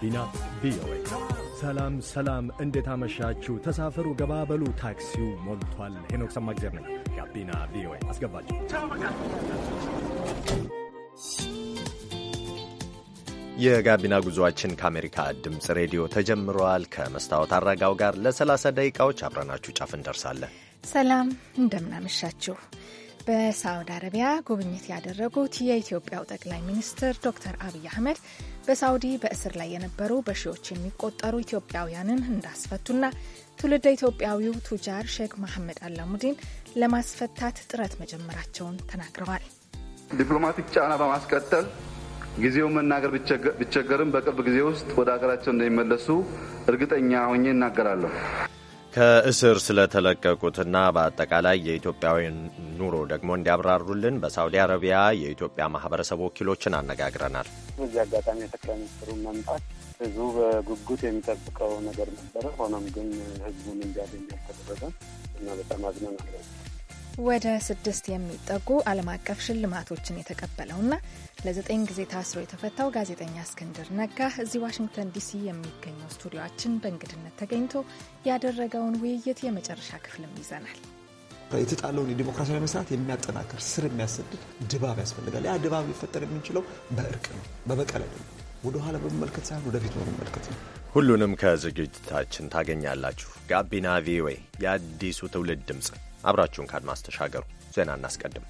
ጋቢና ቪኦኤ። ሰላም ሰላም፣ እንዴት አመሻችሁ? ተሳፈሩ፣ ገባበሉ፣ ታክሲው ሞልቷል። ሄኖክ ሰማግዜር ነኝ። ጋቢና ቪኦኤ አስገባችሁ። የጋቢና ጉዞአችን ከአሜሪካ ድምፅ ሬዲዮ ተጀምረዋል። ከመስታወት አረጋው ጋር ለ30 ደቂቃዎች አብረናችሁ ጫፍ እንደርሳለን። ሰላም እንደምናመሻችሁ። በሳውዲ አረቢያ ጉብኝት ያደረጉት የኢትዮጵያው ጠቅላይ ሚኒስትር ዶክተር አብይ አህመድ በሳውዲ በእስር ላይ የነበሩ በሺዎች የሚቆጠሩ ኢትዮጵያውያንን እንዳስፈቱና ትውልደ ኢትዮጵያዊው ቱጃር ሼክ መሐመድ አላሙዲን ለማስፈታት ጥረት መጀመራቸውን ተናግረዋል። ዲፕሎማቲክ ጫና በማስቀጠል ጊዜውን መናገር ቢቸገርም በቅርብ ጊዜ ውስጥ ወደ ሀገራቸው እንደሚመለሱ እርግጠኛ ሆኜ እናገራለሁ። ከእስር ስለተለቀቁትና በአጠቃላይ የኢትዮጵያውያን ኑሮ ደግሞ እንዲያብራሩልን በሳውዲ አረቢያ የኢትዮጵያ ማህበረሰብ ወኪሎችን አነጋግረናል። በዚህ አጋጣሚ የጠቅላይ ሚኒስትሩ መምጣት ህዝቡ በጉጉት የሚጠብቀው ነገር ነበረ። ሆኖም ግን ህዝቡን እንዲያገኝ አልተደረገም እና በጣም አዝነናል። ወደ ስድስት የሚጠጉ ዓለም አቀፍ ሽልማቶችን የተቀበለውና ለዘጠኝ ጊዜ ታስሮ የተፈታው ጋዜጠኛ እስክንድር ነጋ እዚህ ዋሽንግተን ዲሲ የሚገኘው ስቱዲዮችን በእንግድነት ተገኝቶ ያደረገውን ውይይት የመጨረሻ ክፍልም ይዘናል። የተጣለውን የዲሞክራሲያዊ መስራት የሚያጠናክር ስር የሚያሰድድ ድባብ ያስፈልጋል። ያ ድባብ ሊፈጠር የምንችለው በእርቅ ነው፣ በበቀል አይደለም። ወደኋላ በመመልከት ሳይሆን ወደፊት በመመልከት ነው። ሁሉንም ከዝግጅታችን ታገኛላችሁ። ጋቢና ቪኦኤ የአዲሱ ትውልድ ድምፅ አብራችሁን ካድማስ ተሻገሩ። ዜና እናስቀድም።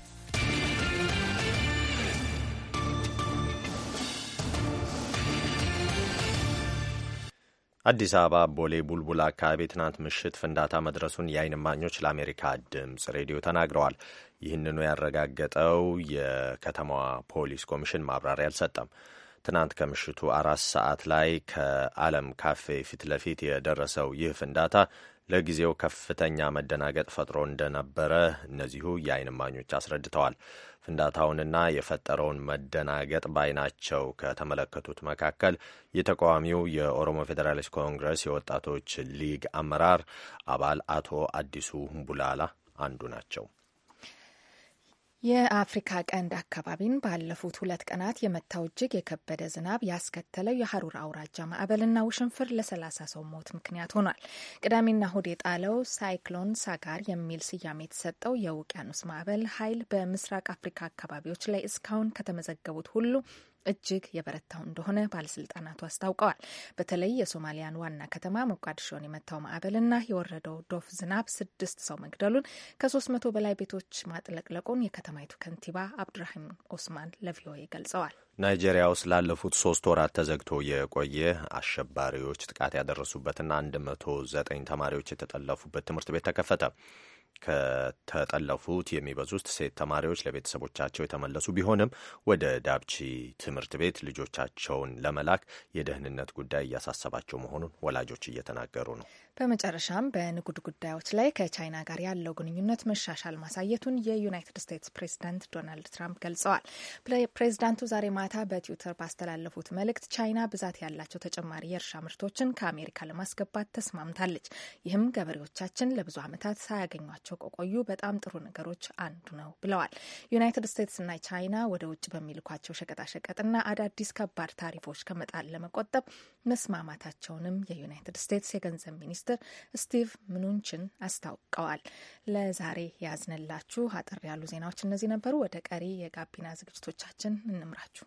አዲስ አበባ ቦሌ ቡልቡል አካባቢ ትናንት ምሽት ፍንዳታ መድረሱን የአይን እማኞች ለአሜሪካ ድምፅ ሬዲዮ ተናግረዋል። ይህንኑ ያረጋገጠው የከተማዋ ፖሊስ ኮሚሽን ማብራሪያ አልሰጠም። ትናንት ከምሽቱ አራት ሰዓት ላይ ከዓለም ካፌ ፊት ለፊት የደረሰው ይህ ፍንዳታ ለጊዜው ከፍተኛ መደናገጥ ፈጥሮ እንደነበረ እነዚሁ የአይን እማኞች አስረድተዋል። ፍንዳታውንና የፈጠረውን መደናገጥ ባይናቸው ከተመለከቱት መካከል የተቃዋሚው የኦሮሞ ፌዴራሊስት ኮንግረስ የወጣቶች ሊግ አመራር አባል አቶ አዲሱ ቡላላ አንዱ ናቸው። የአፍሪካ ቀንድ አካባቢን ባለፉት ሁለት ቀናት የመታው እጅግ የከበደ ዝናብ ያስከተለው የሀሩር አውራጃ ማዕበልና ውሽንፍር ለሰላሳ ሰው ሞት ምክንያት ሆኗል። ቅዳሜና እሁድ የጣለው ሳይክሎን ሳጋር የሚል ስያሜ የተሰጠው የውቅያኖስ ማዕበል ኃይል በምስራቅ አፍሪካ አካባቢዎች ላይ እስካሁን ከተመዘገቡት ሁሉ እጅግ የበረታው እንደሆነ ባለስልጣናቱ አስታውቀዋል። በተለይ የሶማሊያን ዋና ከተማ ሞቃዲሾን የመታው ማዕበልና የወረደው ዶፍ ዝናብ ስድስት ሰው መግደሉን ከሶስት መቶ በላይ ቤቶች ማጥለቅለቁን የከተማይቱ ከንቲባ አብዱራሂም ኦስማን ለቪኦኤ ገልጸዋል። ናይጄሪያ ውስጥ ላለፉት ሶስት ወራት ተዘግቶ የቆየ አሸባሪዎች ጥቃት ያደረሱበትና አንድ መቶ ዘጠኝ ተማሪዎች የተጠለፉበት ትምህርት ቤት ተከፈተ። ከተጠለፉት የሚበዙት ሴት ተማሪዎች ለቤተሰቦቻቸው የተመለሱ ቢሆንም ወደ ዳብቺ ትምህርት ቤት ልጆቻቸውን ለመላክ የደህንነት ጉዳይ እያሳሰባቸው መሆኑን ወላጆች እየተናገሩ ነው። በመጨረሻም በንግድ ጉዳዮች ላይ ከቻይና ጋር ያለው ግንኙነት መሻሻል ማሳየቱን የዩናይትድ ስቴትስ ፕሬዚዳንት ዶናልድ ትራምፕ ገልጸዋል። ፕሬዚዳንቱ ዛሬ ማታ በትዊተር ባስተላለፉት መልእክት ቻይና ብዛት ያላቸው ተጨማሪ የእርሻ ምርቶችን ከአሜሪካ ለማስገባት ተስማምታለች። ይህም ገበሬዎቻችን ለብዙ ዓመታት ሳያገኟቸው ሲያደርጓቸው ከቆዩ በጣም ጥሩ ነገሮች አንዱ ነው ብለዋል። ዩናይትድ እና ቻይና ወደ ውጭ በሚልኳቸው ሸቀጣሸቀጥና አዳዲስ ከባድ ታሪፎች ከመጣል ለመቆጠብ መስማማታቸውንም የዩናይትድ ስቴትስ የገንዘብ ሚኒስትር ስቲቭ ምኑንችን አስታውቀዋል። ለዛሬ ያዝነላችሁ አጠር ያሉ ዜናዎች እነዚህ ነበሩ። ወደ ቀሪ የጋቢና ዝግጅቶቻችን እንምራችሁ።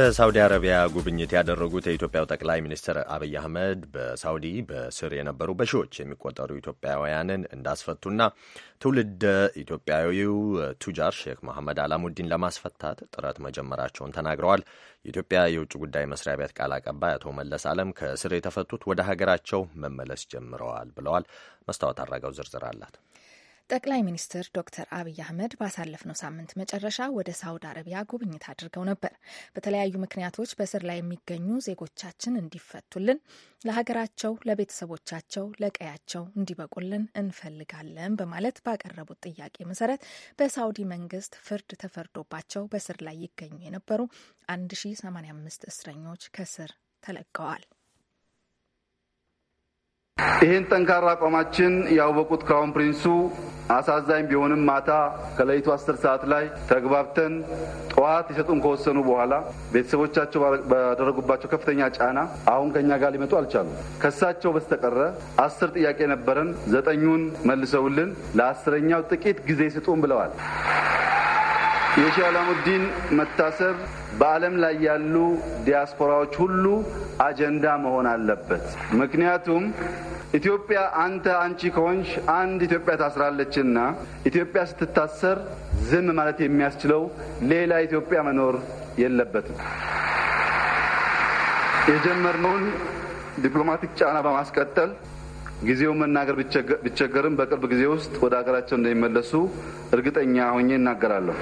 በሳውዲ አረቢያ ጉብኝት ያደረጉት የኢትዮጵያው ጠቅላይ ሚኒስትር አብይ አህመድ በሳውዲ በስር የነበሩ በሺዎች የሚቆጠሩ ኢትዮጵያውያንን እንዳስፈቱና ትውልደ ኢትዮጵያዊው ቱጃር ሼክ መሐመድ አላሙዲን ለማስፈታት ጥረት መጀመራቸውን ተናግረዋል። የኢትዮጵያ የውጭ ጉዳይ መስሪያ ቤት ቃል አቀባይ አቶ መለስ አለም ከስር የተፈቱት ወደ ሀገራቸው መመለስ ጀምረዋል ብለዋል። መስታወት አድራጋው ዝርዝር አላት። ጠቅላይ ሚኒስትር ዶክተር አብይ አህመድ ባሳለፍነው ሳምንት መጨረሻ ወደ ሳውዲ አረቢያ ጉብኝት አድርገው ነበር። በተለያዩ ምክንያቶች በስር ላይ የሚገኙ ዜጎቻችን እንዲፈቱልን፣ ለሀገራቸው፣ ለቤተሰቦቻቸው፣ ለቀያቸው እንዲበቁልን እንፈልጋለን በማለት ባቀረቡት ጥያቄ መሰረት በሳውዲ መንግስት ፍርድ ተፈርዶባቸው በስር ላይ ይገኙ የነበሩ 1085 እስረኞች ከስር ተለቀዋል። ይህን ጠንካራ አቋማችን ያወቁት ክራውን ፕሪንሱ አሳዛኝ ቢሆንም ማታ ከሌሊቱ አስር ሰዓት ላይ ተግባብተን ጠዋት የሰጡን ከወሰኑ በኋላ ቤተሰቦቻቸው ባደረጉባቸው ከፍተኛ ጫና አሁን ከኛ ጋር ሊመጡ አልቻሉ። ከሳቸው በስተቀረ አስር ጥያቄ ነበረን። ዘጠኙን መልሰውልን ለአስረኛው ጥቂት ጊዜ ስጡን ብለዋል። የሼህ አላሙዲን መታሰር በዓለም ላይ ያሉ ዲያስፖራዎች ሁሉ አጀንዳ መሆን አለበት። ምክንያቱም ኢትዮጵያ አንተ አንቺ ከሆንሽ አንድ ኢትዮጵያ ታስራለችና ኢትዮጵያ ስትታሰር ዝም ማለት የሚያስችለው ሌላ ኢትዮጵያ መኖር የለበትም። የጀመርነውን ዲፕሎማቲክ ጫና በማስቀጠል ጊዜውን መናገር ቢቸገርም በቅርብ ጊዜ ውስጥ ወደ ሀገራቸው እንደሚመለሱ እርግጠኛ ሆኜ እናገራለሁ።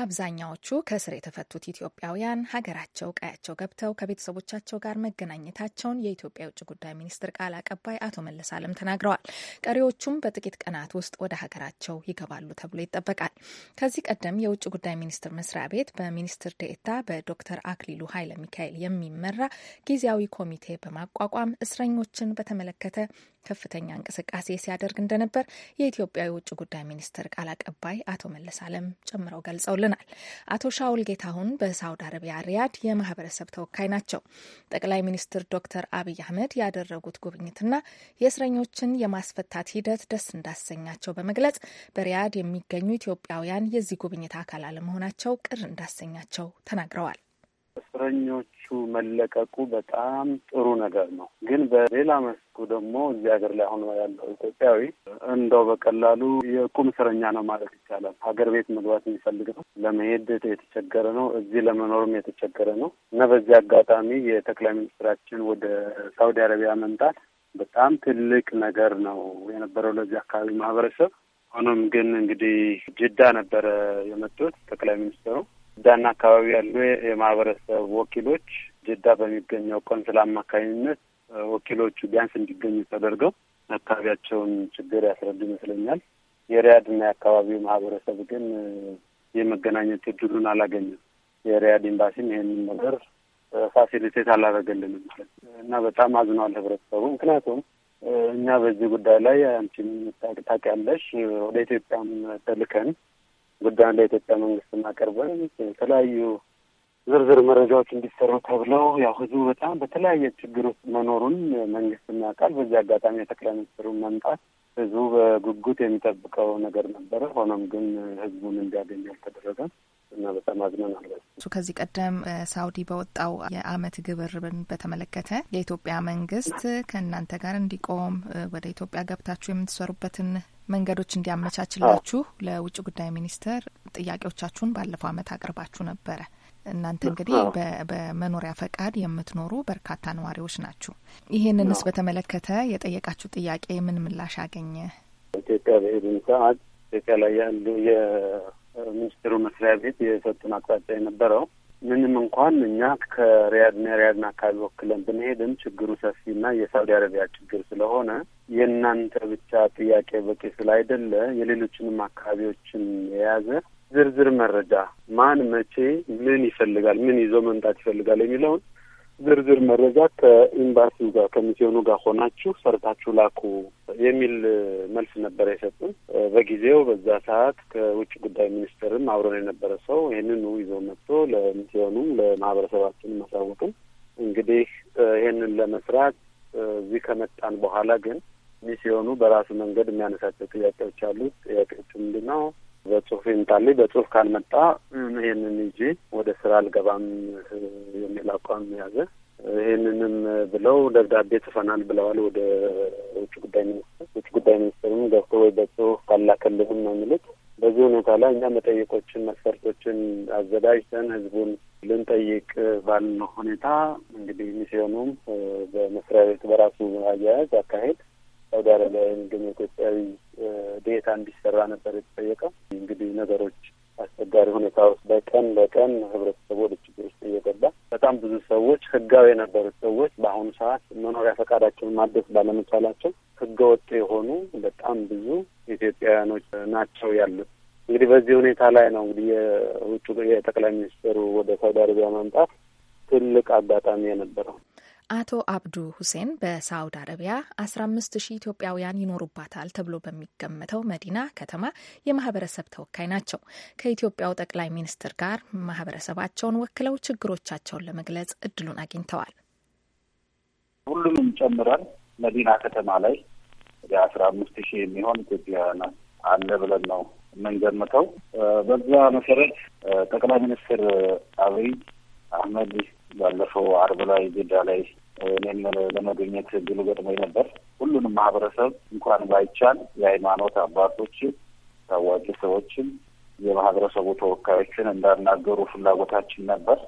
አብዛኛዎቹ ከእስር የተፈቱት ኢትዮጵያውያን ሀገራቸው ቀያቸው ገብተው ከቤተሰቦቻቸው ጋር መገናኘታቸውን የኢትዮጵያ የውጭ ጉዳይ ሚኒስትር ቃል አቀባይ አቶ መለስ አለም ተናግረዋል። ቀሪዎቹም በጥቂት ቀናት ውስጥ ወደ ሀገራቸው ይገባሉ ተብሎ ይጠበቃል። ከዚህ ቀደም የውጭ ጉዳይ ሚኒስትር መስሪያ ቤት በሚኒስትር ዴኤታ በዶክተር አክሊሉ ኃይለ ሚካኤል የሚመራ ጊዜያዊ ኮሚቴ በማቋቋም እስረኞችን በተመለከተ ከፍተኛ እንቅስቃሴ ሲያደርግ እንደነበር የኢትዮጵያ የውጭ ጉዳይ ሚኒስቴር ቃል አቀባይ አቶ መለስ አለም ጨምረው ገልጸውልናል። አቶ ሻውል ጌታሁን በሳውዲ አረቢያ ሪያድ የማህበረሰብ ተወካይ ናቸው። ጠቅላይ ሚኒስትር ዶክተር አብይ አህመድ ያደረጉት ጉብኝትና የእስረኞችን የማስፈታት ሂደት ደስ እንዳሰኛቸው በመግለጽ በሪያድ የሚገኙ ኢትዮጵያውያን የዚህ ጉብኝት አካል አለመሆናቸው ቅር እንዳሰኛቸው ተናግረዋል። እስረኞቹ መለቀቁ በጣም ጥሩ ነገር ነው። ግን በሌላ መስኩ ደግሞ እዚህ ሀገር ላይ አሁን ያለው ኢትዮጵያዊ እንደው በቀላሉ የቁም እስረኛ ነው ማለት ይቻላል። ሀገር ቤት መግባት የሚፈልግ ነው። ለመሄድ የተቸገረ ነው። እዚህ ለመኖርም የተቸገረ ነው እና በዚህ አጋጣሚ የጠቅላይ ሚኒስትራችን ወደ ሳውዲ አረቢያ መምጣት በጣም ትልቅ ነገር ነው የነበረው ለዚህ አካባቢ ማህበረሰብ። ሆኖም ግን እንግዲህ ጅዳ ነበረ የመጡት ጠቅላይ ሚኒስትሩ ጅዳና አካባቢ ያሉ የማህበረሰብ ወኪሎች ጅዳ በሚገኘው ቆንስላ አማካኝነት ወኪሎቹ ቢያንስ እንዲገኙ ተደርገው አካባቢያቸውን ችግር ያስረዱ ይመስለኛል። የሪያድና የአካባቢው ማህበረሰብ ግን የመገናኘት እድሉን አላገኘም። የሪያድ ኤምባሲም ይሄንን ነገር ፋሲሊቴት አላደረገልንም ማለት እና በጣም አዝኗል ህብረተሰቡ። ምክንያቱም እኛ በዚህ ጉዳይ ላይ አንቺም ታውቂያለሽ ወደ ኢትዮጵያም ተልከን ጉዳዩን ለኢትዮጵያ መንግስት አቅርበን የተለያዩ ዝርዝር መረጃዎች እንዲሰሩ ተብለው ያው ህዝቡ በጣም በተለያየ ችግር ውስጥ መኖሩን መንግስት ያውቃል። በዚህ አጋጣሚ የጠቅላይ ሚኒስትሩን መምጣት ህዝቡ በጉጉት የሚጠብቀው ነገር ነበረ። ሆኖም ግን ህዝቡን እንዲያገኝ አልተደረገም። እና በጣም አዝነናል። እሱ ከዚህ ቀደም ሳውዲ በወጣው የአመት ግብር በተመለከተ የኢትዮጵያ መንግስት ከእናንተ ጋር እንዲቆም ወደ ኢትዮጵያ ገብታችሁ የምትሰሩበትን መንገዶች እንዲያመቻችላችሁ ለውጭ ጉዳይ ሚኒስቴር ጥያቄዎቻችሁን ባለፈው አመት አቅርባችሁ ነበረ። እናንተ እንግዲህ በመኖሪያ ፈቃድ የምትኖሩ በርካታ ነዋሪዎች ናችሁ። ይህንንስ በተመለከተ የጠየቃችሁ ጥያቄ ምን ምላሽ አገኘ? ኢትዮጵያ በሄድን ሰዓት ኢትዮጵያ ላይ ያሉ ሚኒስትሩ መስሪያ ቤት የሰጡን አቅጣጫ የነበረው ምንም እንኳን እኛ ከሪያድና ሪያድን አካባቢ ወክለን ብንሄድም ችግሩ ሰፊና የሳውዲ አረቢያ ችግር ስለሆነ የእናንተ ብቻ ጥያቄ በቂ ስላይደለ የሌሎችንም አካባቢዎችን የያዘ ዝርዝር መረጃ ማን መቼ ምን ይፈልጋል ምን ይዞ መምጣት ይፈልጋል የሚለውን ዝርዝር መረጃ ከኤምባሲው ጋር ከሚስዮኑ ጋር ሆናችሁ ሰርታችሁ ላኩ የሚል መልስ ነበር የሰጡን። በጊዜው በዛ ሰዓት ከውጭ ጉዳይ ሚኒስቴርም አብረን የነበረ ሰው ይህንን ይዞ መጥቶ ለሚስዮኑም ለማህበረሰባችን ማሳወቅም እንግዲህ ይህንን ለመስራት እዚህ ከመጣን በኋላ ግን ሚስዮኑ በራሱ መንገድ የሚያነሳቸው ጥያቄዎች አሉት። ጥያቄዎቹ ምንድን ነው? በጽሁፍ ይምጣልኝ፣ በጽሁፍ ካልመጣ ይሄንን ይዤ ወደ ስራ አልገባም የሚል አቋም ያዘ። ይህንንም ብለው ደብዳቤ ጽፈናል ብለዋል። ወደ ውጭ ጉዳይ ሚኒስትር ውጭ ጉዳይ ሚኒስትርም ገብቶ ወይ በጽሁፍ ካላከልንም ነው የሚሉት። በዚህ ሁኔታ ላይ እኛ መጠየቆችን መስፈርቶችን አዘጋጅተን ህዝቡን ልንጠይቅ ባልነው ሁኔታ እንግዲህ ሚስዮኑም በመስሪያ ቤቱ በራሱ አያያዝ አካሄድ ሳውዲ አረቢያ የሚገኙ ኢትዮጵያዊ ዴታ እንዲሰራ ነበር የተጠየቀው። እንግዲህ ነገሮች አስቸጋሪ ሁኔታ ውስጥ በቀን በቀን ህብረተሰቡ ወደ ችግር ውስጥ እየገባ በጣም ብዙ ሰዎች ህጋዊ የነበሩት ሰዎች በአሁኑ ሰዓት መኖሪያ ፈቃዳቸውን ማደስ ባለመቻላቸው ህገ ወጥ የሆኑ በጣም ብዙ ኢትዮጵያውያኖች ናቸው ያሉት። እንግዲህ በዚህ ሁኔታ ላይ ነው እንግዲህ የውጭ የጠቅላይ ሚኒስትሩ ወደ ሳውዲ አረቢያ መምጣት ትልቅ አጋጣሚ የነበረው። አቶ አብዱ ሁሴን በሳውዲ አረቢያ 15 ኢትዮጵያውያን ይኖሩባታል ተብሎ በሚገመተው መዲና ከተማ የማህበረሰብ ተወካይ ናቸው። ከኢትዮጵያው ጠቅላይ ሚኒስትር ጋር ማህበረሰባቸውን ወክለው ችግሮቻቸውን ለመግለጽ እድሉን አግኝተዋል። ሁሉንም ጨምረን መዲና ከተማ ላይ ወደ አስራ አምስት ሺህ የሚሆን ኢትዮጵያውያን አለ ብለን ነው የምንገምተው። በዛ መሰረት ጠቅላይ ሚኒስትር አብይ አህመድ ባለፈው አርብ ላይ ጅዳ ላይ እኔም ለመገኘት እድሉ ገጥሞኝ ነበር። ሁሉንም ማህበረሰብ እንኳን ባይቻል የሃይማኖት አባቶችን፣ ታዋቂ ሰዎችን፣ የማህበረሰቡ ተወካዮችን እንዳናገሩ ፍላጎታችን ነበር።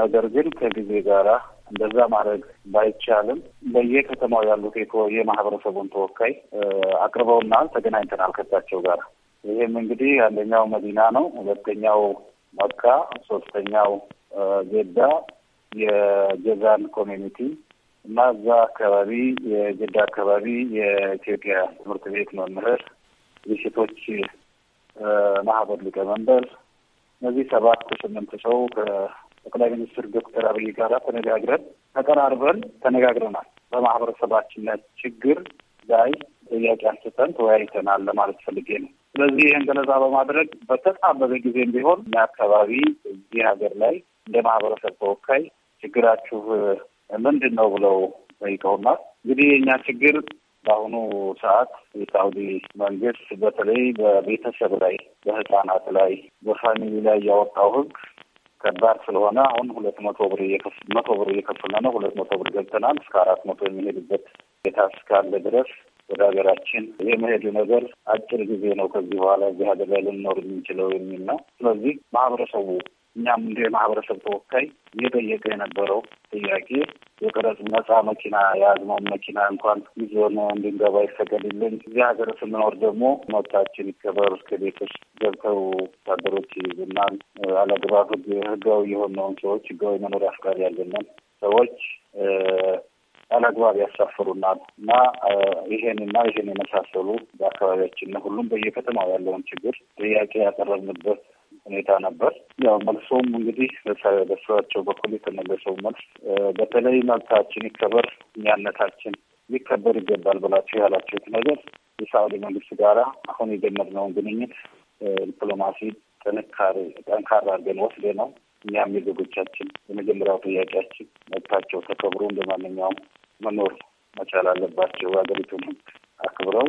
ነገር ግን ከጊዜ ጋራ እንደዛ ማድረግ ባይቻልም በየከተማው ያሉት የማህበረሰቡን ተወካይ አቅርበውናል። ተገናኝተናል ከሳቸው ጋር። ይህም እንግዲህ አንደኛው መዲና ነው፣ ሁለተኛው መካ፣ ሶስተኛው ጄዳ የጀዛን ኮሚኒቲ እና እዛ አካባቢ የጀዳ አካባቢ የኢትዮጵያ ትምህርት ቤት መምህር፣ የሴቶች ማህበር ሊቀመንበር እነዚህ ሰባት ስምንት ሰው ከጠቅላይ ሚኒስትር ዶክተር አብይ ጋር ተነጋግረን ተቀራርበን ተነጋግረናል። በማህበረሰባችን ችግር ላይ ጥያቄ አንስተን ተወያይተናል ለማለት ፈልጌ ነው። ስለዚህ ይህን ገለጻ በማድረግ በተጣበበ ጊዜም ቢሆን እኛ አካባቢ እዚህ ሀገር ላይ እንደ ማህበረሰብ ተወካይ ችግራችሁ ምንድን ነው ብለው ጠይቀውናል። እንግዲህ እኛ ችግር በአሁኑ ሰዓት የሳውዲ መንግስት በተለይ በቤተሰብ ላይ፣ በህጻናት ላይ፣ በፋሚሊ ላይ ያወጣው ህግ ከባድ ስለሆነ አሁን ሁለት መቶ ብር መቶ ብር እየከፈልን ነው። ሁለት መቶ ብር ገብተናል። እስከ አራት መቶ የሚሄድበት ቤታ እስካለ ድረስ ወደ ሀገራችን የመሄድ ነገር አጭር ጊዜ ነው። ከዚህ በኋላ እዚህ ሀገር ላይ ልንኖር የምንችለው የሚል ነው። ስለዚህ ማህበረሰቡ እኛም እንደ ማህበረሰብ ተወካይ እየጠየቀ የነበረው ጥያቄ የቀረጽ ነጻ መኪና የያዝነውን መኪና እንኳን ይዞን እንድንገባ ይፈቀድልን። እዚህ ሀገር ስንኖር ደግሞ መብታችን ይከበር። እስከ ቤቶች ገብተው ወታደሮች ይይዙናል። አለግባብ ህጋዊ የሆነውን ሰዎች ህጋዊ መኖሪያ ፍቃድ ያለንን ሰዎች አላግባብ ያሳፍሩናል እና ይሄንና ይሄን የመሳሰሉ በአካባቢያችን ሁሉም በየከተማው ያለውን ችግር ጥያቄ ያቀረብንበት ሁኔታ ነበር። ያው መልሶም እንግዲህ በስራቸው በኩል የተመለሰው መልስ በተለይ መብታችን ይከበር፣ እኛነታችን ሊከበር ይገባል ብላችሁ ያላችሁት ነገር የሳዑዲ መንግስት ጋራ አሁን የጀመርነውን ግንኙነት ዲፕሎማሲ ጥንካሬ ጠንካራ አድርገን ወስደ ነው። እኛም የዜጎቻችን የመጀመሪያው ጥያቄያችን መብታቸው ተከብሮ እንደ ማንኛውም መኖር መቻል አለባቸው፣ የሀገሪቱን ሕግ አክብረው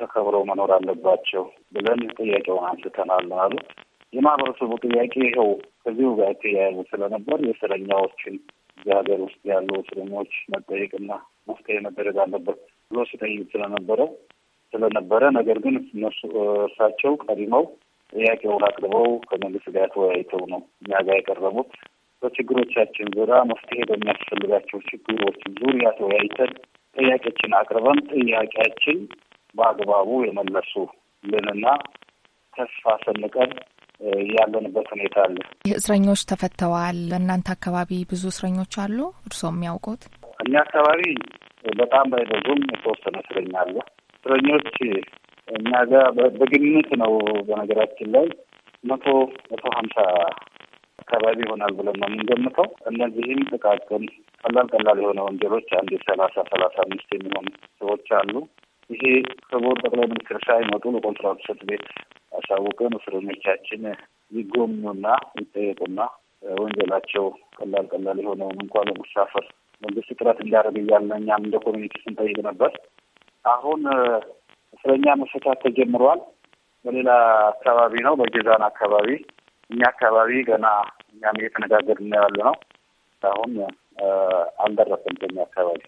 ተከብረው መኖር አለባቸው ብለን ጥያቄውን አንስተናል አሉት። የማህበረሰቡ ጥያቄ ይኸው ከዚሁ ጋር የተያያዙ ስለነበር የእስረኛዎችን በሀገር ውስጥ ያሉ እስረኞች መጠየቅና መፍትሄ መደረግ አለበት ብሎ ሲጠይቅ ስለነበረ ስለነበረ ነገር ግን እነሱ እርሳቸው ቀድመው ጥያቄውን አቅርበው ከመንግስት ጋር ተወያይተው ነው እኛ ጋር የቀረቡት። በችግሮቻችን ዙሪያ መፍትሄ በሚያስፈልጋቸው ችግሮች ዙሪያ ተወያይተን ጥያቄችን አቅርበን ጥያቄያችን በአግባቡ የመለሱ ልንና ተስፋ ሰንቀን ያለንበት ሁኔታ አለ። እስረኞች ተፈተዋል። በእናንተ አካባቢ ብዙ እስረኞች አሉ? እርስዎ የሚያውቁት? እኛ አካባቢ በጣም ባይበዙም የተወሰነ እስረኛ አለ። እስረኞች እኛ ጋር በግምት ነው በነገራችን ላይ መቶ መቶ ሀምሳ አካባቢ ይሆናል ብለን ነው የምንገምተው። እነዚህም ጥቃቅን ቀላል ቀላል የሆነ ወንጀሎች አንድ ሰላሳ ሰላሳ አምስት የሚሆኑ ሰዎች አሉ። ይሄ ክቡር ጠቅላይ ሚኒስትር ሳይመጡ በቆንስላ ጽሕፈት ቤት አሳውቀን እስረኞቻችን ይጎብኙና ይጠየቁና ወንጀላቸው ቀላል ቀላል የሆነውን እንኳን ለመሳፈር መንግስት ጥረት እንዲያደርግ እያልን እኛም እንደ ኮሚኒቲ ስንጠይቅ ነበር። አሁን እስረኛ መፈታት ተጀምሯል። በሌላ አካባቢ ነው፣ በጌዛን አካባቢ። እኛ አካባቢ ገና እኛም እየተነጋገርን ያለ ነው። አሁን አልደረሰም ከኛ አካባቢ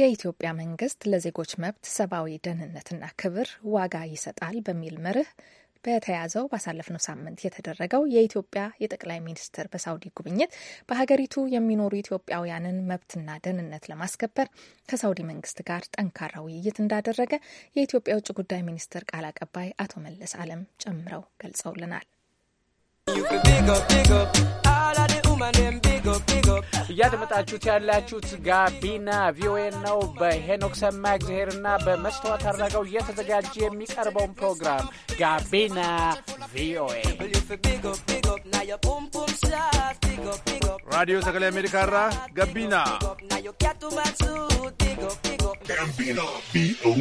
የኢትዮጵያ መንግስት ለዜጎች መብት ሰብአዊ ደህንነትና ክብር ዋጋ ይሰጣል በሚል መርህ በተያዘው ባሳለፍነው ሳምንት የተደረገው የኢትዮጵያ የጠቅላይ ሚኒስትር በሳውዲ ጉብኝት በሀገሪቱ የሚኖሩ ኢትዮጵያውያንን መብትና ደህንነት ለማስከበር ከሳውዲ መንግስት ጋር ጠንካራ ውይይት እንዳደረገ የኢትዮጵያ ውጭ ጉዳይ ሚኒስትር ቃል አቀባይ አቶ መለስ አለም ጨምረው ገልጸውልናል። እያደመጣችሁት ያላችሁት ጋቢና ቪኦኤ ነው። በሄኖክ ሰማ እግዚአብሔርና በመስተዋት አድረገው እየተዘጋጀ የሚቀርበውን ፕሮግራም ጋቢና ቪኦኤ ራዲዮ ሰገሌ አሜሪካ ራ ጋቢና ጋቢና ቪኦኤ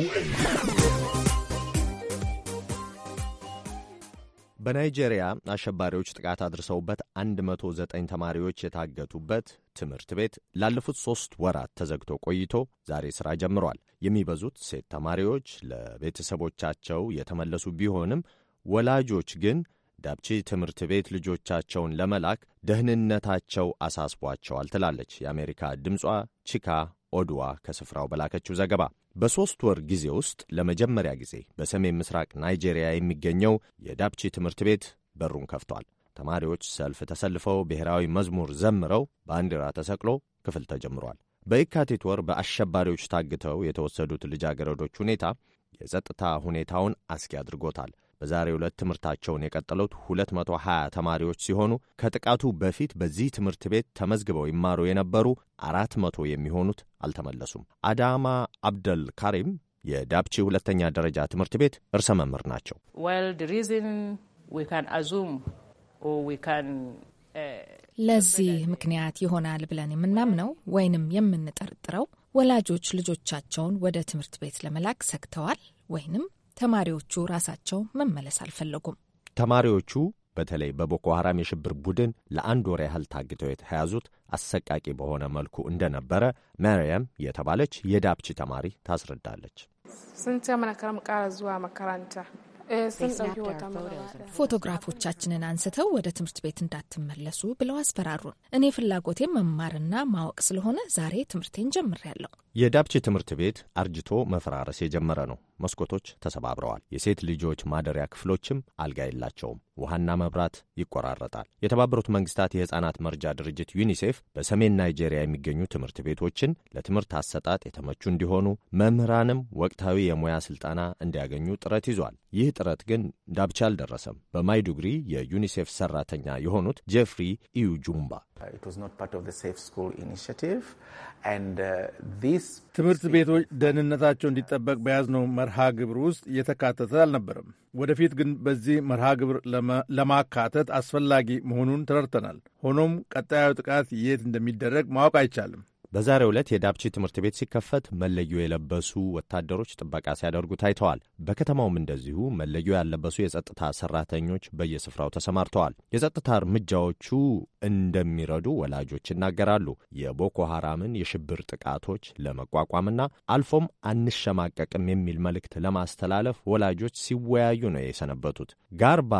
በናይጄሪያ አሸባሪዎች ጥቃት አድርሰውበት 109 ተማሪዎች የታገቱበት ትምህርት ቤት ላለፉት ሦስት ወራት ተዘግቶ ቆይቶ ዛሬ ሥራ ጀምሯል። የሚበዙት ሴት ተማሪዎች ለቤተሰቦቻቸው የተመለሱ ቢሆንም ወላጆች ግን ዳብቺ ትምህርት ቤት ልጆቻቸውን ለመላክ ደህንነታቸው አሳስቧቸዋል ትላለች የአሜሪካ ድምጿ ቺካ ኦድዋ ከስፍራው በላከችው ዘገባ። በሦስት ወር ጊዜ ውስጥ ለመጀመሪያ ጊዜ በሰሜን ምስራቅ ናይጄሪያ የሚገኘው የዳፕቺ ትምህርት ቤት በሩን ከፍቷል። ተማሪዎች ሰልፍ ተሰልፈው ብሔራዊ መዝሙር ዘምረው ባንዲራ ተሰቅሎ ክፍል ተጀምሯል። በየካቲት ወር በአሸባሪዎች ታግተው የተወሰዱት ልጃገረዶች ሁኔታ የጸጥታ ሁኔታውን አስጊ አድርጎታል። በዛሬ ዕለት ትምህርታቸውን የቀጠሉት 220 ተማሪዎች ሲሆኑ ከጥቃቱ በፊት በዚህ ትምህርት ቤት ተመዝግበው ይማሩ የነበሩ 400 የሚሆኑት አልተመለሱም። አዳማ አብደል ካሪም የዳብቺ ሁለተኛ ደረጃ ትምህርት ቤት እርሰ መምህር ናቸው። uh, ለዚህ ምክንያት ይሆናል ብለን የምናምነው ወይንም የምንጠርጥረው ወላጆች ልጆቻቸውን ወደ ትምህርት ቤት ለመላክ ሰግተዋል ወይንም ተማሪዎቹ ራሳቸው መመለስ አልፈለጉም። ተማሪዎቹ በተለይ በቦኮ ሐራም የሽብር ቡድን ለአንድ ወር ያህል ታግተው የተያዙት አሰቃቂ በሆነ መልኩ እንደነበረ መርያም የተባለች የዳፕቺ ተማሪ ታስረዳለች። ፎቶግራፎቻችንን አንስተው ወደ ትምህርት ቤት እንዳትመለሱ ብለው አስፈራሩን። እኔ ፍላጎቴ መማርና ማወቅ ስለሆነ ዛሬ ትምህርቴን ጀምሬያለሁ። የዳብቼ ትምህርት ቤት አርጅቶ መፈራረስ የጀመረ ነው። መስኮቶች ተሰባብረዋል። የሴት ልጆች ማደሪያ ክፍሎችም አልጋ የላቸውም። ውሃና መብራት ይቆራረጣል። የተባበሩት መንግስታት የሕፃናት መርጃ ድርጅት ዩኒሴፍ በሰሜን ናይጄሪያ የሚገኙ ትምህርት ቤቶችን ለትምህርት አሰጣጥ የተመቹ እንዲሆኑ፣ መምህራንም ወቅታዊ የሙያ ስልጠና እንዲያገኙ ጥረት ይዟል። ይህ ጥረት ግን ዳብቻ አልደረሰም። በማይዱግሪ የዩኒሴፍ ሰራተኛ የሆኑት ጄፍሪ ኢዩጁምባ ትምህርት ቤቶች ደህንነታቸው እንዲጠበቅ በያዝነው መርሃ ግብር ውስጥ የተካተተ አልነበረም። ወደፊት ግን በዚህ መርሃ ግብር ለማካተት አስፈላጊ መሆኑን ተረድተናል። ሆኖም ቀጣዩ ጥቃት የት እንደሚደረግ ማወቅ አይቻልም። በዛሬው ዕለት የዳብቺ ትምህርት ቤት ሲከፈት መለዮ የለበሱ ወታደሮች ጥበቃ ሲያደርጉ ታይተዋል። በከተማውም እንደዚሁ መለዮ ያለበሱ የጸጥታ ሰራተኞች በየስፍራው ተሰማርተዋል። የጸጥታ እርምጃዎቹ እንደሚረዱ ወላጆች ይናገራሉ። የቦኮ ሐራምን የሽብር ጥቃቶች ለመቋቋምና አልፎም አንሸማቀቅም የሚል መልእክት ለማስተላለፍ ወላጆች ሲወያዩ ነው የሰነበቱት። ጋርባ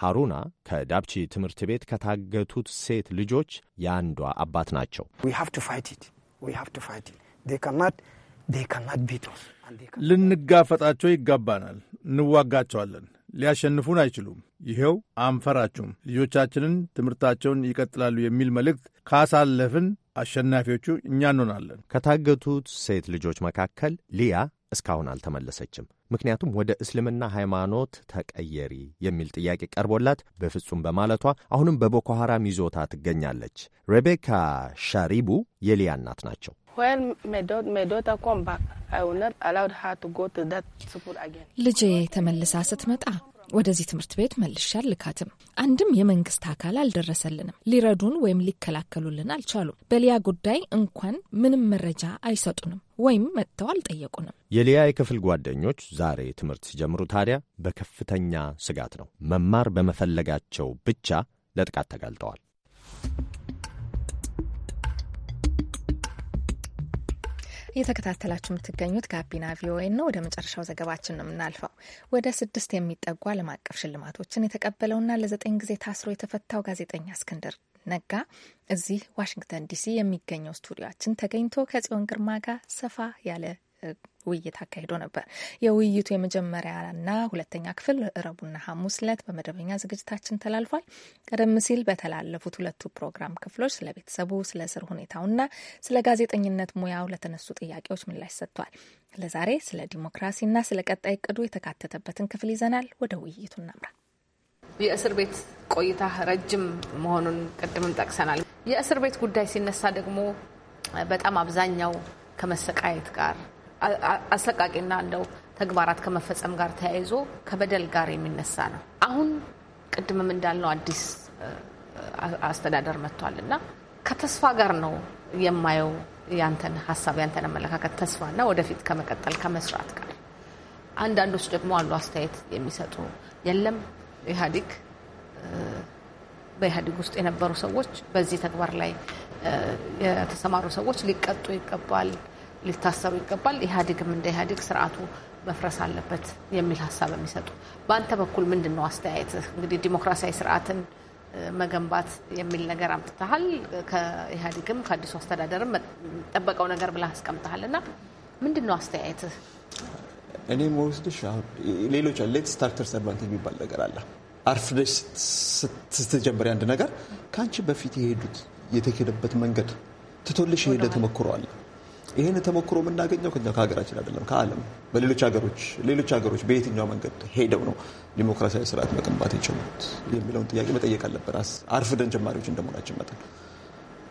ሃሩና ከዳብቺ ትምህርት ቤት ከታገቱት ሴት ልጆች የአንዷ አባት ናቸው። ልንጋፈጣቸው ይገባናል። እንዋጋቸዋለን። ሊያሸንፉን አይችሉም። ይኸው አንፈራችሁም። ልጆቻችንን ትምህርታቸውን ይቀጥላሉ የሚል መልእክት ካሳለፍን አሸናፊዎቹ እኛ እንሆናለን። ከታገቱት ሴት ልጆች መካከል ሊያ እስካሁን አልተመለሰችም። ምክንያቱም ወደ እስልምና ሃይማኖት ተቀየሪ የሚል ጥያቄ ቀርቦላት በፍጹም በማለቷ አሁንም በቦኮ ሐራም ይዞታ ትገኛለች። ሬቤካ ሻሪቡ የሊያ እናት ናቸው። ልጄ ተመልሳ ስትመጣ ወደዚህ ትምህርት ቤት መልሼ አልካትም። አንድም የመንግስት አካል አልደረሰልንም፣ ሊረዱን ወይም ሊከላከሉልን አልቻሉም። በሊያ ጉዳይ እንኳን ምንም መረጃ አይሰጡንም። ወይም መጥተው አልጠየቁንም። የሊያ የክፍል ጓደኞች ዛሬ ትምህርት ሲጀምሩ ታዲያ በከፍተኛ ስጋት ነው። መማር በመፈለጋቸው ብቻ ለጥቃት ተጋልጠዋል። እየተከታተላችሁ የምትገኙት ጋቢና ቪኦኤ ነው። ወደ መጨረሻው ዘገባችን ነው የምናልፈው። ወደ ስድስት የሚጠጉ ዓለም አቀፍ ሽልማቶችን የተቀበለውና ለዘጠኝ ጊዜ ታስሮ የተፈታው ጋዜጠኛ እስክንድር ነጋ እዚህ ዋሽንግተን ዲሲ የሚገኘው ስቱዲያችን ተገኝቶ ከጽዮን ግርማ ጋር ሰፋ ያለ ውይይት አካሂዶ ነበር። የውይይቱ የመጀመሪያና ሁለተኛ ክፍል ረቡና ሐሙስ ዕለት በመደበኛ ዝግጅታችን ተላልፏል። ቀደም ሲል በተላለፉት ሁለቱ ፕሮግራም ክፍሎች ስለ ቤተሰቡ፣ ስለ እስር ሁኔታውና ስለ ጋዜጠኝነት ሙያው ለተነሱ ጥያቄዎች ምላሽ ሰጥቷል። ለዛሬ ስለ ዲሞክራሲና ስለ ቀጣይ እቅዱ የተካተተበትን ክፍል ይዘናል። ወደ ውይይቱ እናምራ። የእስር ቤት ቆይታ ረጅም መሆኑን ቅድምም ጠቅሰናል። የእስር ቤት ጉዳይ ሲነሳ ደግሞ በጣም አብዛኛው ከመሰቃየት ጋር አሰቃቂና እንደው ተግባራት ከመፈጸም ጋር ተያይዞ ከበደል ጋር የሚነሳ ነው። አሁን ቅድምም እንዳልነው አዲስ አስተዳደር መጥቷል እና ከተስፋ ጋር ነው የማየው ያንተን ሀሳብ ያንተን አመለካከት ተስፋና ወደፊት ከመቀጠል ከመስራት ጋር አንዳንዶች ደግሞ አሉ አስተያየት የሚሰጡ የለም ኢህአዴግ በኢህአዴግ ውስጥ የነበሩ ሰዎች በዚህ ተግባር ላይ የተሰማሩ ሰዎች ሊቀጡ ይገባል፣ ሊታሰሩ ይገባል፣ ኢህአዴግም እንደ ኢህአዴግ ስርዓቱ መፍረስ አለበት የሚል ሀሳብ የሚሰጡ በአንተ በኩል ምንድን ነው አስተያየትህ? እንግዲህ ዲሞክራሲያዊ ስርዓትን መገንባት የሚል ነገር አምጥተሃል። ከኢህአዴግም ከአዲሱ አስተዳደርም ጠበቀው ነገር ብለህ አስቀምጠሃል እና ምንድን ነው አስተያየትህ? እኔ መወስድሽ ሌሎች ሌት ስታርተርስ አድቫንቴጅ የሚባል ነገር አለ። አርፍደሽ ስትጀምር አንድ ነገር ከአንቺ በፊት የሄዱት የተሄደበት መንገድ ትቶልሽ የሄደ ተሞክሮ አለ። ይህን ተሞክሮ የምናገኘው ከኛው ከሀገራችን አይደለም፣ ከዓለም በሌሎች ሀገሮች ሌሎች ሀገሮች በየትኛው መንገድ ሄደው ነው ዲሞክራሲያዊ ስርዓት መገንባት የቻሉት የሚለውን ጥያቄ መጠየቅ አለብን። አርፍደን ጀማሪዎች እንደመሆናችን መጠን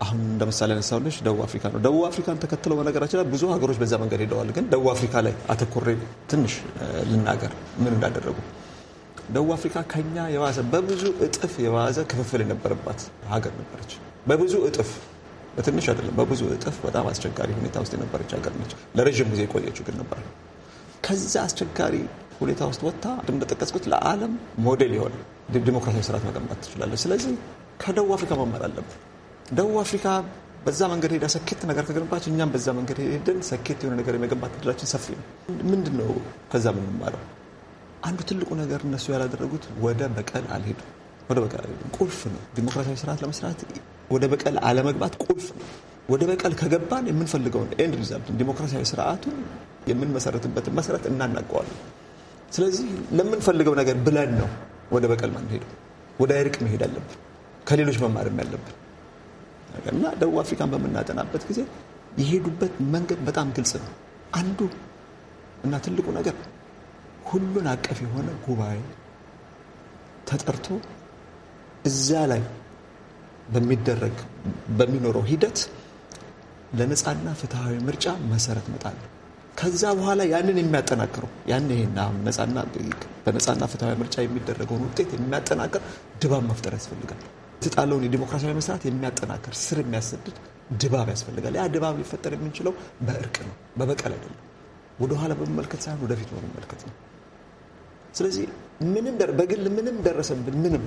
አሁን እንደምሳሌ ያነሳሁልሽ ደቡብ አፍሪካ ነው። ደቡብ አፍሪካን ተከትለው በነገራችን ላይ ብዙ ሀገሮች በዛ መንገድ ሄደዋል። ግን ደቡብ አፍሪካ ላይ አተኮሬ ትንሽ ልናገር ምን እንዳደረጉ። ደቡብ አፍሪካ ከኛ የባዘ በብዙ እጥፍ የባዘ ክፍፍል የነበረባት ሀገር ነበረች። በብዙ እጥፍ በትንሽ አይደለም፣ በብዙ እጥፍ በጣም አስቸጋሪ ሁኔታ ውስጥ የነበረች ሀገር ነች። ለረዥም ጊዜ የቆየችው ግን ነበር። ከዛ አስቸጋሪ ሁኔታ ውስጥ ወጥታ እንደጠቀስኩት ለዓለም ሞዴል የሆነ ዲሞክራሲያዊ ስርዓት መገንባት ትችላለች። ስለዚህ ከደቡብ አፍሪካ መማር አለብን። ደቡብ አፍሪካ በዛ መንገድ ሄዳ ሰኬት ነገር ከገነባች እኛም በዛ መንገድ ሄደን ሰኬት የሆነ ነገር የመገንባት እድላችን ሰፊ ነው። ምንድን ነው ከዛ የምንማረው? አንዱ ትልቁ ነገር እነሱ ያላደረጉት ወደ በቀል አልሄዱም። ወደ በቀል አልሄዱም፣ ቁልፍ ነው። ዲሞክራሲያዊ ስርዓት ለመስራት ወደ በቀል አለመግባት ቁልፍ ነው። ወደ በቀል ከገባን የምንፈልገውን ኤንድ ሪዛልት ዲሞክራሲያዊ ስርዓቱን የምንመሰረትበትን መሰረት እናናቀዋለን። ስለዚህ ለምንፈልገው ነገር ብለን ነው ወደ በቀል ማንሄደው። ወደ እርቅ መሄድ አለብን። ከሌሎች መማርም ያለብን ነገር እና ደቡብ አፍሪካን በምናጠናበት ጊዜ የሄዱበት መንገድ በጣም ግልጽ ነው። አንዱ እና ትልቁ ነገር ሁሉን አቀፍ የሆነ ጉባኤ ተጠርቶ እዛ ላይ በሚደረግ በሚኖረው ሂደት ለነፃና ፍትሐዊ ምርጫ መሰረት መጣል ከዛ በኋላ ያንን የሚያጠናክረው ያን በነፃና ፍትሐዊ ምርጫ የሚደረገውን ውጤት የሚያጠናክር ድባብ መፍጠር ያስፈልጋል። የተጣለውን የዲሞክራሲያዊ መስራት የሚያጠናክር ስር የሚያሰድድ ድባብ ያስፈልጋል። ያ ድባብ ሊፈጠር የምንችለው በእርቅ ነው፣ በበቀል አይደለም። ወደኋላ በመመልከት ሳይሆን ወደፊት በመመልከት ነው። ስለዚህ ምንም በግል ምንም ደረሰብን ምንም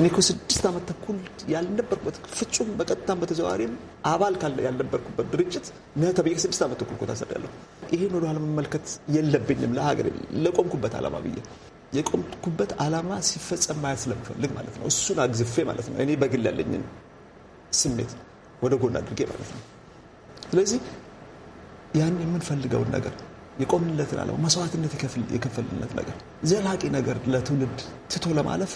እኔ እኮ ስድስት ዓመት ተኩል ያልነበርኩበት ፍጹም በቀጥታም በተዘዋዋሪም አባል ያልነበርኩበት ድርጅት ነህ ተብዬ ስድስት ዓመት ተኩል እኮ ታሰሪያለሁ። ይህን ወደኋላ መመልከት የለብኝም ለሀገር ለቆምኩበት አላማ ብዬ የቆምኩበት ዓላማ ሲፈጸም ማየት ስለምፈልግ ማለት ነው። እሱን አግዝፌ ማለት ነው። እኔ በግል ያለኝን ስሜት ወደ ጎን አድርጌ ማለት ነው። ስለዚህ ያን የምንፈልገውን ነገር የቆምንለትን ዓላማ መስዋዕትነት የከፈልነት ነገር ዘላቂ ነገር ለትውልድ ትቶ ለማለፍ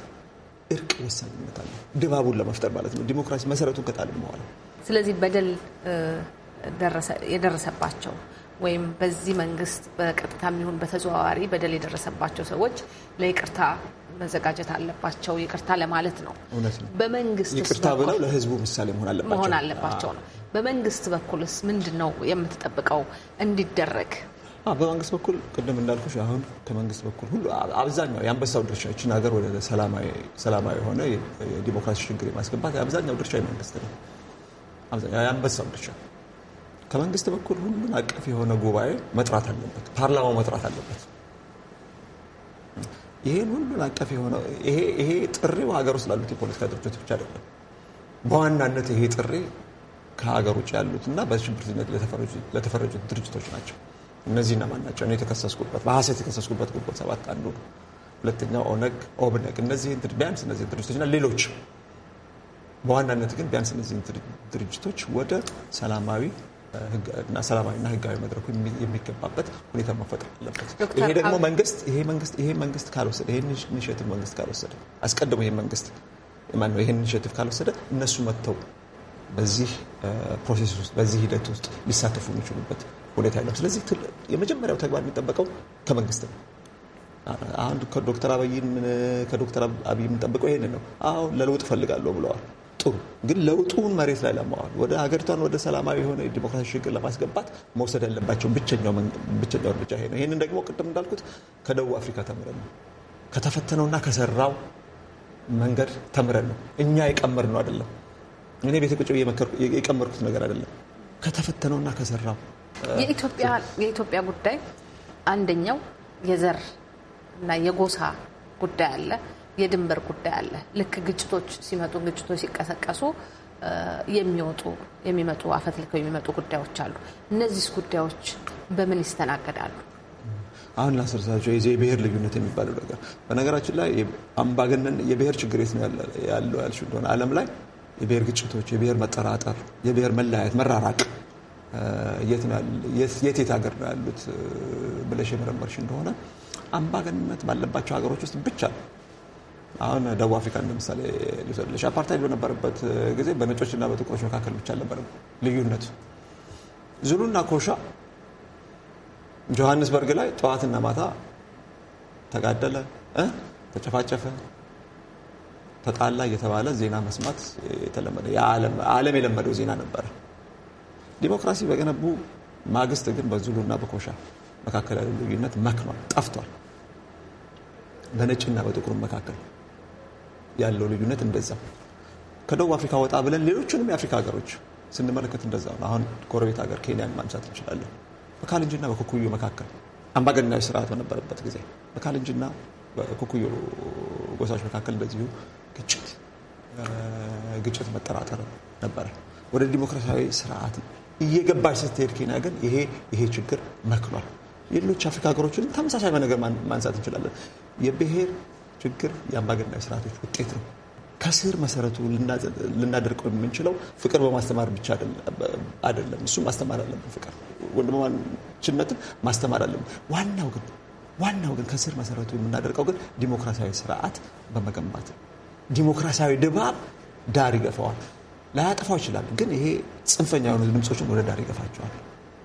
እርቅ ወሳኝነት አለ። ድባቡን ለመፍጠር ማለት ነው። ዲሞክራሲ መሰረቱን ከጣልን በኋላ ስለዚህ በደል የደረሰባቸው ወይም በዚህ መንግስት በቀጥታ የሚሆን በተዘዋዋሪ በደል የደረሰባቸው ሰዎች ለይቅርታ መዘጋጀት አለባቸው። ይቅርታ ለማለት ነው። በመንግስት ይቅርታ ብለው ለህዝቡ ምሳሌ መሆን አለባቸው ነው። በመንግስት በኩልስ ምንድን ነው የምትጠብቀው እንዲደረግ? በመንግስት በኩል ቅድም እንዳልኩሽ አሁን ከመንግስት በኩል ሁሉ አብዛኛው የአንበሳው ድርሻ ይችን ሀገር ወደ ሰላማዊ የሆነ የዲሞክራሲ ሽግግር የማስገባት አብዛኛው ድርሻ የመንግስት ነው። አብዛኛው የአንበሳው ድርሻ ከመንግስት በኩል ሁሉን አቀፍ የሆነ ጉባኤ መጥራት አለበት። ፓርላማው መጥራት አለበት። ይሄን ሁሉን አቀፍ የሆነ ይሄ ጥሪው ሀገር ውስጥ ላሉት የፖለቲካ ድርጅቶች ብቻ አይደለም። በዋናነት ይሄ ጥሪ ከሀገር ውጭ ያሉት እና በሽብርተኝነት ለተፈረጁት ድርጅቶች ናቸው። እነዚህ እነማን ናቸው? የተከሰስኩበት በሀሰት የተከሰስኩበት ግንቦት ሰባት አንዱ ነው። ሁለተኛው ኦነግ፣ ኦብነግ እነዚህ ቢያንስ እነዚህ ድርጅቶችና ሌሎች በዋናነት ግን ቢያንስ እነዚህ ድርጅቶች ወደ ሰላማዊ ሰላማዊና ህጋዊ መድረኩ የሚገባበት ሁኔታ መፈጠር አለበት። ይሄ ደግሞ መንግስት ይሄ መንግስት ይሄ መንግስት ካልወሰደ ይሄን ኢኒሽቲቭ መንግስት ካልወሰደ አስቀድሞ ይሄ መንግስት ማነው ይሄን ኢኒሽቲቭ ካልወሰደ እነሱ መጥተው በዚህ ፕሮሴስ ውስጥ በዚህ ሂደት ውስጥ ሊሳተፉ የሚችሉበት ሁኔታ የለም። ስለዚህ የመጀመሪያው ተግባር የሚጠበቀው ከመንግስት ነው። አሁን ከዶክተር አብይ ከዶክተር አብይ የምንጠብቀው ይሄንን ነው። አሁን ለለውጥ እፈልጋለሁ ብለዋል። ጥሩ ግን ለውጡን መሬት ላይ ለማዋል ወደ ሀገሪቷን ወደ ሰላማዊ የሆነ ዲሞክራሲ ሽግግር ለማስገባት መውሰድ ያለባቸው ብቸኛው እርምጃ ይሄ ነው። ይህንን ደግሞ ቅድም እንዳልኩት ከደቡብ አፍሪካ ተምረን ነው ከተፈተነውና ከሰራው መንገድ ተምረን ነው። እኛ የቀመር ነው አይደለም። እኔ ቤተ ቁጭ የቀመርኩት ነገር አይደለም። ከተፈተነውና ከሰራው የኢትዮጵያ ጉዳይ አንደኛው የዘር እና የጎሳ ጉዳይ አለ። የድንበር ጉዳይ አለ። ልክ ግጭቶች ሲመጡ ግጭቶች ሲቀሰቀሱ የሚወጡ የሚመጡ አፈትልከው የሚመጡ ጉዳዮች አሉ። እነዚህ ጉዳዮች በምን ይስተናገዳሉ? አሁን ላስረሳቸው የዚህ የብሔር ልዩነት የሚባለው ነገር በነገራችን ላይ አምባገነን የብሔር ችግር የት ነው ያለው ያልሽ እንደሆነ ዓለም ላይ የብሔር ግጭቶች፣ የብሔር መጠራጠር፣ የብሔር መለያየት፣ መራራቅ የት የት ሀገር ነው ያሉት ብለሽ የመረመርሽ እንደሆነ አምባገነንነት ባለባቸው ሀገሮች ውስጥ ብቻ ነው አሁን ደቡብ አፍሪካ ለምሳሌ ልውሰድልሽ። አፓርታይድ በነበረበት ጊዜ በነጮችና በጥቁሮች መካከል ብቻ አልነበረም ልዩነቱ። ዙሉና ኮሻ ጆሀንስበርግ ላይ ጠዋትና ማታ ተጋደለ፣ ተጨፋጨፈ፣ ተጣላ እየተባለ ዜና መስማት የተለመደ ዓለም የለመደው ዜና ነበረ። ዲሞክራሲ በገነቡ ማግስት ግን በዙሉና በኮሻ መካከል ያለው ልዩነት መክኗል፣ ጠፍቷል። በነጭና በጥቁሩ መካከል ያለው ልዩነት እንደዛ። ከደቡብ አፍሪካ ወጣ ብለን ሌሎቹንም የአፍሪካ ሀገሮች ስንመለከት እንደዛ ነው። አሁን ጎረቤት ሀገር ኬንያን ማንሳት እንችላለን። በካልንጅና በኩኩዩ መካከል አምባገነናዊ ስርዓት በነበረበት ጊዜ በካልንጅና በኩኩዩ ጎሳዎች መካከል እንደዚሁ ግጭት ግጭት መጠራጠር ነበረ። ወደ ዲሞክራሲያዊ ስርዓት እየገባች ስትሄድ ኬንያ ግን ይሄ ይሄ ችግር መክሏል። ሌሎች አፍሪካ ሀገሮችን ተመሳሳይ በነገር ማንሳት እንችላለን። የብሔር ችግር የአምባገነናዊ ስርዓቶች ውጤት ነው። ከስር መሰረቱ ልናደርቀው የምንችለው ፍቅር በማስተማር ብቻ አይደለም። እሱ ማስተማር አለብን። ፍቅር ወንድማማችነትም ማስተማር አለብን። ዋናው ግን ዋናው ግን ከስር መሰረቱ የምናደርቀው ግን ዲሞክራሲያዊ ስርዓት በመገንባት ዲሞክራሲያዊ ድባብ ዳር ይገፋዋል። ላያጠፋው ይችላል፣ ግን ይሄ ጽንፈኛ የሆኑ ድምፆችን ወደ ዳር ይገፋቸዋል፣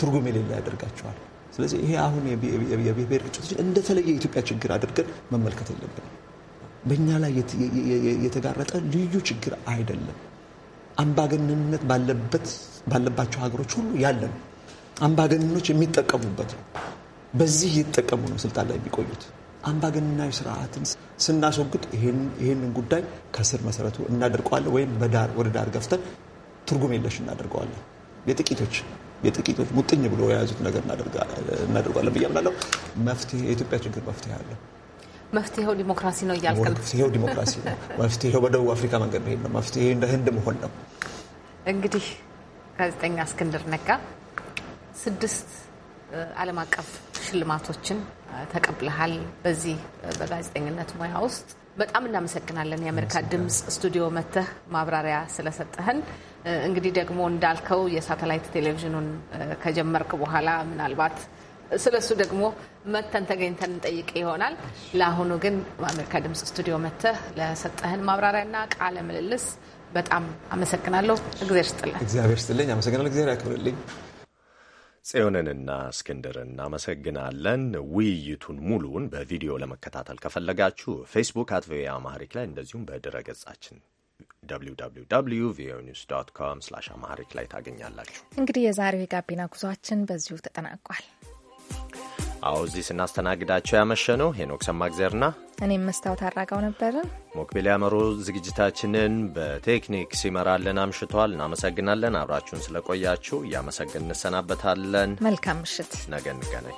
ትርጉም የሌለ ያደርጋቸዋል። ስለዚህ ይሄ አሁን የብሔር ግጭቶችን እንደተለየ የኢትዮጵያ ችግር አድርገን መመልከት የለብንም። በእኛ ላይ የተጋረጠ ልዩ ችግር አይደለም። አምባገነንነት ባለባቸው ሀገሮች ሁሉ ያለ ነው። አምባገነኖች የሚጠቀሙበት ነው። በዚህ እየተጠቀሙ ነው ስልጣን ላይ የሚቆዩት። አምባገነናዊ ስርዓትን ስናስወግድ ይህንን ጉዳይ ከስር መሰረቱ እናደርገዋለን ወይም በዳር ወደ ዳር ገፍተን ትርጉም የለሽ እናደርገዋለን። የጥቂቶች የጥቂቶች ሙጥኝ ብሎ የያዙት ነገር እናደርገዋለን ብዬ አምናለሁ። መፍትሄ የኢትዮጵያ ችግር መፍትሄ አለው። መፍትሄው ዲሞክራሲ ነው እያልክ ነው። መፍትሄው ዲሞክራሲ ነው። መፍትሄው በደቡብ አፍሪካ መንገድ መሄድ ነው። መፍትሄ እንደ ህንድ መሆን ነው። እንግዲህ ጋዜጠኛ እስክንድር ነጋ ስድስት ዓለም አቀፍ ሽልማቶችን ተቀብለሃል በዚህ በጋዜጠኝነት ሙያ ውስጥ በጣም እናመሰግናለን። የአሜሪካ ድምፅ ስቱዲዮ መተህ ማብራሪያ ስለሰጠህን። እንግዲህ ደግሞ እንዳልከው የሳተላይት ቴሌቪዥኑን ከጀመርክ በኋላ ምናልባት ስለ እሱ ደግሞ መተን ተገኝተን እንጠይቅ ይሆናል። ለአሁኑ ግን በአሜሪካ ድምጽ ስቱዲዮ መተህ ለሰጠህን ማብራሪያና ቃለ ምልልስ በጣም አመሰግናለሁ። እግዚአብሔር ስጥልን። እግዚአብሔር ስጥልኝ። አመሰግናለሁ። እግዚአብሔር ያክብርልኝ። ጽዮንንና እስክንድርን እናመሰግናለን። ውይይቱን ሙሉውን በቪዲዮ ለመከታተል ከፈለጋችሁ ፌስቡክ አት ቪኦኤ አማሪክ ላይ እንደዚሁም በድረ ገጻችን www ኒውስ ኮም ስላሽ አማሪክ ላይ ታገኛላችሁ። እንግዲህ የዛሬው የጋቢና ጉዟችን በዚሁ ተጠናቋል። አዎ እዚህ ስናስተናግዳቸው ያመሸ ነው ሄኖክ ሰማግዘርና እኔም መስታወት አራጋው ነበርን። ሞክቢል ያመሮ ዝግጅታችንን በቴክኒክ ሲመራልን አምሽቷል። እናመሰግናለን። አብራችሁን ስለቆያችሁ እያመሰግን እንሰናበታለን። መልካም ምሽት። ነገ እንገናኝ።